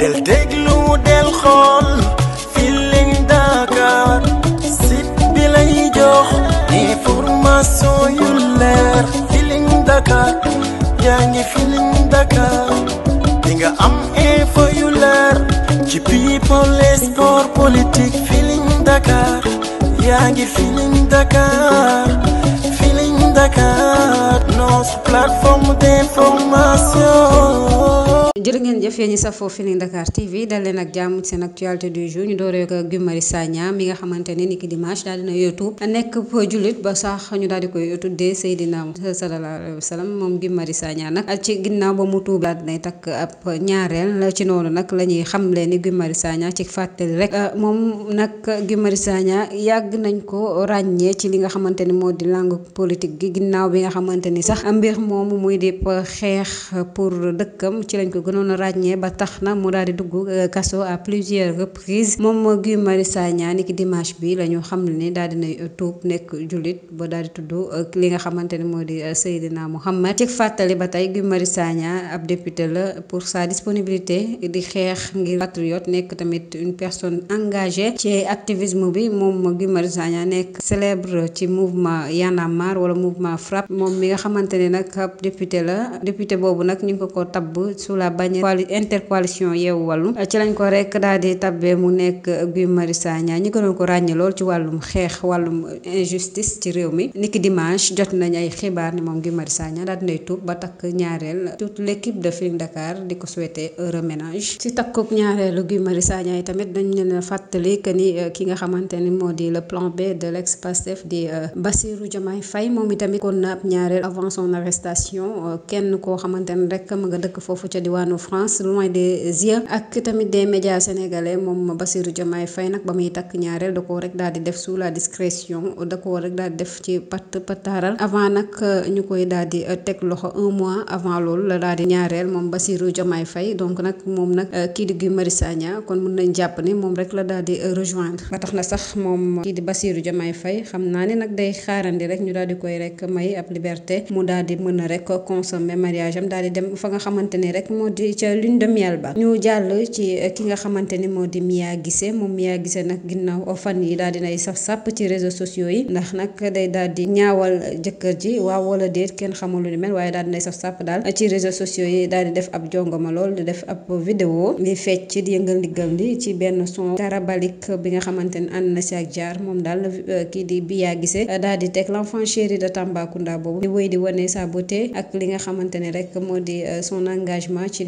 del déglu del xool Feeling Dakar site bi lay jox information yu leer Feeling Dakar yaa ngi Feeling Dakar di nga am info yu leer ci people et sport politique Feeling Dakar yaa ngi Feeling Dakar Feeling Dakar nos plateforme d'information jërë ngeen jëf yéen ñi safoo Feeling Dakar TV dal leen ak jàmm ci seen actualité du jour ñu dooree ko Guy mi nga xamante ne ni ki dimanche daal dina yootu nekk jullit ba sax ñu daal di koy tuddee Seydina sallallahu alayhi wa sallam moom Guy Marius Sagna nag ci ginnaaw ba mu tuub daal dinay takk ab ñaareel ci noonu nag la ñuy xam leen ni Guy Marius Sagna ci fàttali rek euh, moom nag Guy Marius yàgg nañ ko ràññee ci li nga xamante ni moo di langue politique gi ginnaaw bi nga xamante ni sax mbir moomu muy di xeex pour dëkkam ci lañ ko gënoon a ràññee ba tax na mu daal di dugg euh, kaso à plusieurs reprises moom moo Marius Sagna ni ki dimanche bi la ñu xam ne daal dinay tuub nekk jullit ba daal di tudd euh, li nga xamante ne moo di euh, Seydina Mouhamed ci fàttali ba tey Guy Marius Sagna ab député la pour sa disponibilité di xeex ngir patriote nekk tamit une personne engagée ci activisme bi moom Guy Marius Sagna nekk célèbre ci mouvement Y'en a wala mouvement FRAPP moom mi nga xamante ne nag ab député la bañ intercoalition yeewu wàllu ci lañ ko rek daal di tabbe mu nekk Guy Marius Sagna ñi gënoon ko ràññee lool ci wàllum xeex wàllum injustice ci réew mi niki dimanche jot nañ ay xibaar ne moom Guy Marius Sagna daal dinay tuub ba takk ñaareel toute l'équipe de Feeling Dakar di ko souhaiter heureux ménage ci takkub ñaareelu Guy Marius Sagna yi tamit dañ leen fàttali que ni euh, ki nga xamante ni moo di le plan B de l'ex-Pastef di euh, Bassirou Diomaye fay moom itamit kon na ab ñaareel avant son nag da koo rek daal di def sous la discrétion da koo rek daal di def ci pat pataaral avant nag ñu koy daal di teg loxo un mois avant loolu la daal di ñaareel moom Bassirou Diomaye Faye donc nag moom nag kii di Guy Marius Sagna kon mun nañ jàpp ni moom rek la daal di rejoindre ba tax na sax moom kii di Bassirou Diomaye fay xam naa ne nag day xaarandi rek ñu dal di koy rek may ab liberté mu daal di mën a rek mariage am di dem fa nga xamante ni tuuti ca lune de miel ba ñu jàll ci eh, ki nga xamante moo di Mia Guissé moom Mia Guissé nag ginnaaw fan yi daal dinay saf sàpp ci réseaux sociaux yi ndax nag day daal di ñaawal jëkkër ji waaw wala déet kenn xamul lu ni mel waaye daal dinay saf sàpp dal ci réseaux sociaux yi daal di def ab jongoma lool di def ab vidéo di fecc di yëngal ndiggam li ci benn son carabalik bi nga xamante ni ànd na si ak jaar moom daal eh, kii di Mia Guissé eh, daal di teg l'enfant chéri de Tambacounda boobu di wéy di wane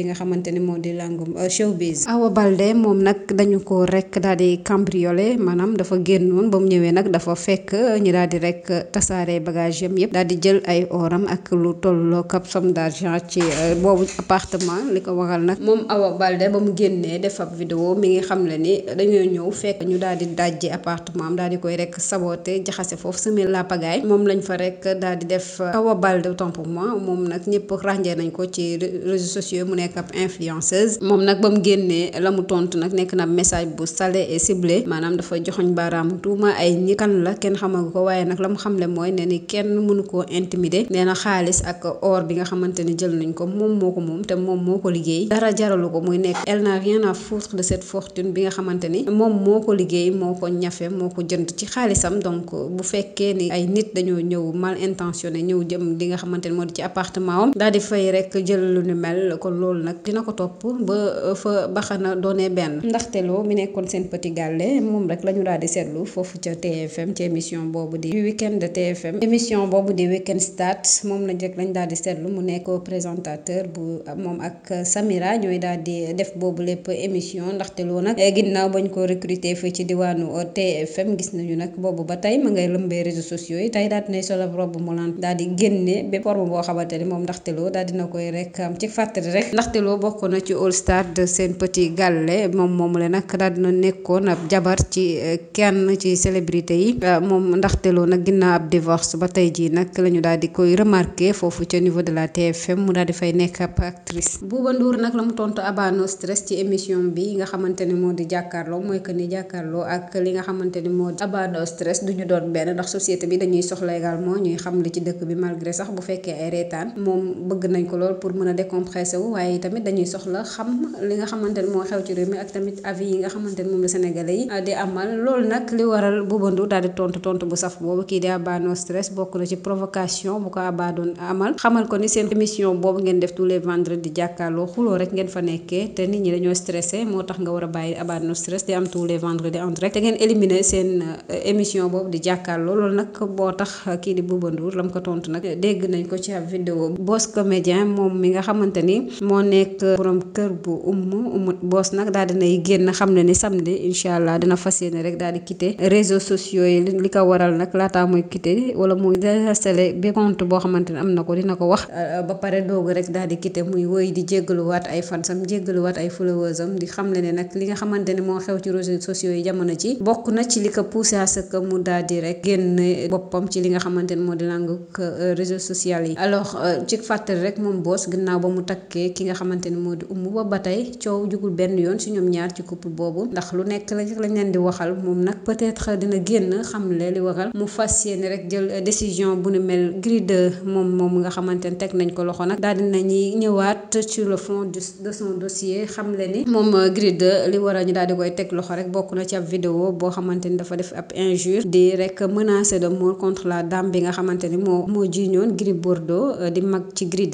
li nga xamante ne moo di langum euh, showbiz. Awa Balde moom nag dañu ko rek daal di cambriolé maanaam dafa génnoon ba mu ñëwee nag dafa fekk ñu daal di rek tasaare bagage yam yëpp daal di jël ay oram ak lu tolloo ak somme d'argent ci euh, boobu appartement li ko waral nag moom Awa Balde ba mu génnee def ab vidéo mi ngi xam le ni dañoo ñëw fekk ñu daal di dajji appartement am daal di koy rek saboté jaxase foofu semer la pagaille moom lañ fa rek daal di def euh, Awa Balde autant moom nag ñëpp ràññee nañ ko ci réseaux sociaux mu nekk makeup influenceuse moom nag ba mu génnee la mu tontu nag nekk na message bu salé et ciblé maanaam dafa joxoñ baaraamu tuuma ay ñi la kenn xamagu ko waaye nag la mu xamle mooy ne ni kenn mënu koo intimider nee na xaalis ak or bi nga xamante ni jël nañ ko moom moo ko moom te moom moo ko liggéey dara jaralu ko muy nekk elle n'a rien à foutre de cette fortune bi nga xamante ni moom moo ko liggéey moo ko ñafe moo ko jënd ci xaalisam donc bu fekkee ni ay nit dañoo ñëw mal intentionné ñëw jëm li nga xamante ni moo ci appartement loolu nag dina ko topp ba euh, fa baxana doonee benn ndaxte loo mi nekkoon seen petit gàlle moom rek la ñu daal di seetlu foofu ca TFM ci émission boobu di weekend TFM émission boobu di weekend start moom la njëkk lañ daal di seetlu mu nekkoo présentateur bu moom ak Samira ñooy daal di def boobu lépp émission ndaxte loo nag ginnaaw bañ ko recruter fii ci diwaanu TFM gis nañu nag boobu ba tey ma ngay lëmbee réseaux sociaux yi tey daal dinay solo robe mu lant daal di génne bépp forme boo xamante ni moom ndaxte loo daal dina koy rek ci fàttali rek Martelo bokkoon na ci All Star de Sen Petit Gallé moom moomu le nag daal dina nekkoon ab jabar ci eh, kenn ci célébrité yi eh, moom Martelo nag ginnaaw ab divorce ba tey jii nag la ñu daal di koy remarqué foofu ca niveau de la TFM mu daal di fay nekk ab actrice. Bouba Ndour nag la mu tontu Abba No Stress ci émission bi nga xamante ne moo di jàkkaarloo mooy que ni jàkkaarloo ak li nga xamante ni moo di Abba Stress du ñu doon benn ndax société bi dañuy soxla également ñuy xam li ci dëkk bi malgré sax bu fekkee ay moom bëgg nañ ko lool pour mën a décompressé wu yi tamit dañuy soxla xam li nga xamante ne moo xew ci réew mi ak tamit avis yi nga xamante ne moom la sénégalais yi uh, di amal loolu nag li waral Bouba Ndour daal di tontu tontu bu saf boobu kii di Abba No Stress na ci provocation bu ko Abba doon amal xamal a di am tous les vendredis te ngeen éliminer seen uh, émission boobu di jàkkaarloo loolu nag boo tax kii di Bouba Ndour tontu nag dégg nañ ko ci ab boss comédien moom mi nga xamante ni moo nekk borom kër bu umu umu boos nag daal dinay génn xam ne ni samedi incha allah dina fas yéene rek daal di quitter réseaux sociaux yi li ko waral nag laataa muy quitter wala muy désinstallé bi boo xamante ne am na ko dina ko wax euh, ba pare doogu rek daal di quitter muy woy di jéggaluwaat ay fansam jéggaluwaat ay followers am di xam le ne nag li nga xamante ne moo xew ci réseaux sociaux yi jamono ci bokk na ci li ko poussé à mu daal di rek génn boppam ci li nga xamante ne moo di langue euh, réseaux sociaux yi euh, nga xamante ni moo di umu ba ba tey coow jugul benn yoon si ñoom ñaar ci couple boobu ndax lu nekk rek lañ leen di waxal moom nag peut-être dina génn xam le li waral mu fas yéene rek jël décision bu nu mel Gris 2 moom moom nga xamante ni teg nañ ko loxo nag daal dinañuy ñëwaat sur le fond de son dossier xam le ni moom Gris 2 li waral ñu daal di koy teg loxo rek bokk na ci ab vidéo boo xamante ni dafa def ab injure di rek menacer de mort contre la dame bi nga xamante ni moo moo jiiñoon Gris Bordeaux di mag ci Gris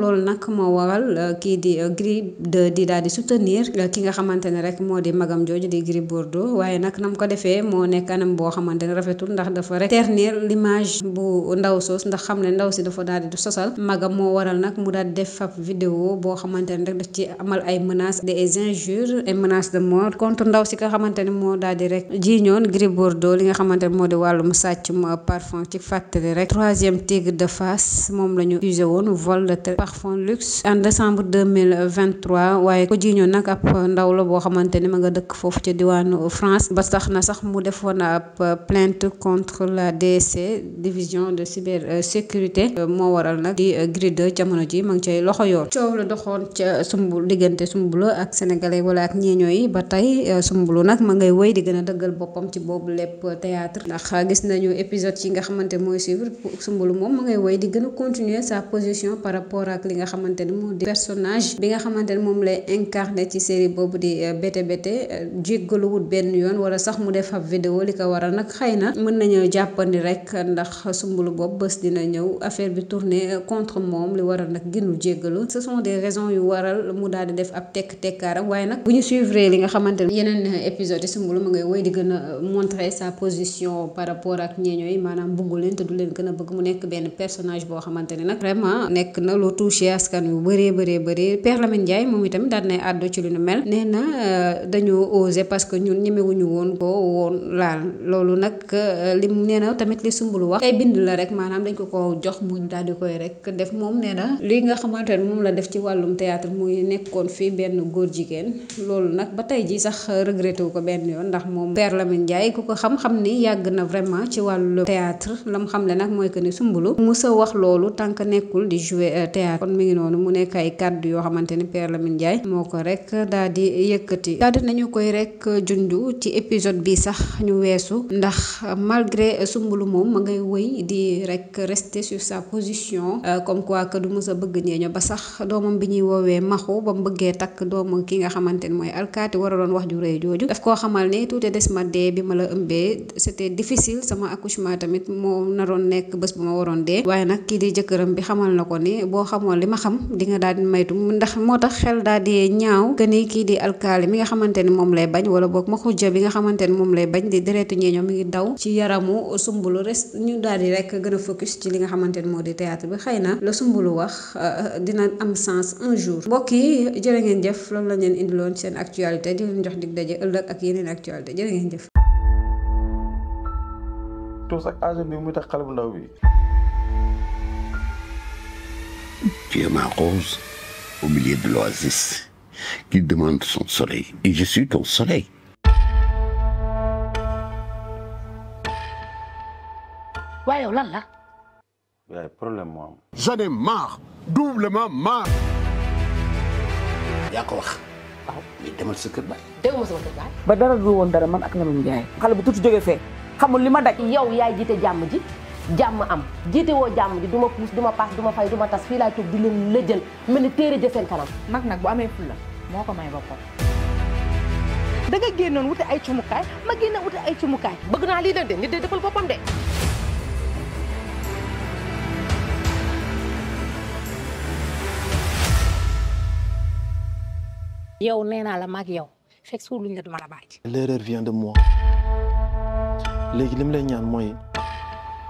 loolu nag moo waral euh, kii di euh, Gris 2 di daal di soutenir euh, ki nga xamante ne rek moo di magam jooju di Gris Bordeaux waaye nag nam ko defee moo nekk anam boo xamante ne rafetul ndax dafa rek ternir l'image bu ndaw soos ndax xam ne ndaw si dafa daal di sosal magam moo waral nag mu daal di def fab vidéo boo xamante ne rek daf ci amal ay menaces de injures et menaces de mort contre ndaw si nga xamante ne moo daal di rek jiiñoon Gris Bordeaux li nga xamante ne moo di wàllum sàccum parfum ci fàttali rek troisième tigre de Fass moom la ñu accusé parfum luxe en décembre 2023 waaye ko jiiñoon nag ab ndaw la boo xamante ni ma nga dëkk foofu ca diwaanu France ba tax na sax mu defoon ab plainte contre la DSC division de sécurité moo waral nag di gride jamono ji ma ngi cay loxo yoon coow la doxoon ca sumbu diggante sumbulu ak sénégalais wala ak ñeeñoo yi ba tey sumbulu nag ma ngay woy di gën a dëggal boppam ci boobu lépp théâtre ndax gis nañu épisode yi nga xamante mooy suivre sumbulu moom ma ngay wéy di gën continuer sa position ak li nga xamante ne moo di personnage bi nga xamante ne moom lay incarné ci série boobu di bété bété wut benn yoon wala sax mu def ab vidéo li ko waral nag xëy na mën nañu jàppandi rek ndax sumbulu boobu bés dina ñëw affaire bi tourné contre moom li waral nag gënul jéggalu ce sont des raisons yu waral mu daal di def ab tekk tekkaaram waaye nag bu ñu suivre li nga xamante ne yeneen euh, épisode yi sumbulu ma ngay woy di gën a euh, montrer sa position par rapport ak ñeeñooy maanaam buggu leen du leen gën a bëgg mu nekk benn personnage boo xamante touché askan wu bëree bëree bëree Père Lamine Ndiaye moom itam daal nay àddu ci lu nu mel nee na euh, dañoo osé parce ñun ñemewuñu woon ko woon laal loolu nag euh, li nee na tamit li sumbulu wax ay la rek maanaam dañ ko ko jox mu daal di koy rek def moom nee na li nga xamante ne moom la def ci wàllum théâtre muy nekkoon fii benn góor jigéen loolu nag ba tey ji sax regretté wu ko yoon ndax moom Père Lamine Ndiaye ku ko xam-xam ni yàgg na vraiment ci wàllu théâtre lam xam le nag mooy que ni sumbulu musa wax loolu tant nekkul di jouer euh, jaar kon mi ngi noonu mu nekk ay kàddu yoo xamante ni Père Lamine Ndiaye moo ko rek daal di yëkkati daal di nañu koy rek jundu ci épisode bi sax ñu weesu ndax malgré sumbulu moom ma ngay wëy di rek rester sur sa position euh, comme quoi que du mës a bëgg ñeeño ba sax doomam bi ñuy woowee maxu ba mu bëggee takk doomu ki nga xamante ni mooy alkaati war waraloon wax ju rëy jooju daf koo xamal ne tuuti des ma dee bi ma la ëmbee c'était difficile sama accouchement tamit moo na ko ni boo xam xamoo li ma xam di nga daal di maytu ndax moo tax xel daal di ñaaw que ni kii di alkaali mi nga xamante ne moom lay bañ wala boog ma xujja bi nga xamante ne moom lay bañ di deretu ñeeñoo mi ngi daw ci yaramu sumbulu res ñu daal di rek gën a focus ci li nga xamante ne moo di théâtre bi xëy na la sumbulu wax euh, dina am sens un jour mbokk yi jërë ngeen jëf loolu la leen indiloon seen actualité di leen jox dig daje ëllëg ak yeneen actualité jërë ngeen jëf. ak agent bi muy tax xale Tu es ma rose au milieu de l'oasis qui demande son soleil. Et je suis ton ah, kër baay. dégguma ba dara du woon dara man ak Lamine Ndiaye. xale bu tuuti jógee fee. xamul li ma daj. yow yaay jiite jàmm ji. jàmm am jiite woo jàmm ji du ma puus du ma paas du ma fay tas fii laay toog di leen lëjël mel ni téere jë seen kanam mag nag bu amee fulla moo ko may boppam da génnoon wuti ay cumukaay ma génne wuti ay cumukaay bëgg naa lii leen de nit de defal boppam de yow nee naa la mag yow fekk suul luñ la duma la bàyyi l'erreur vient de moi léegi li mu ñaan mooy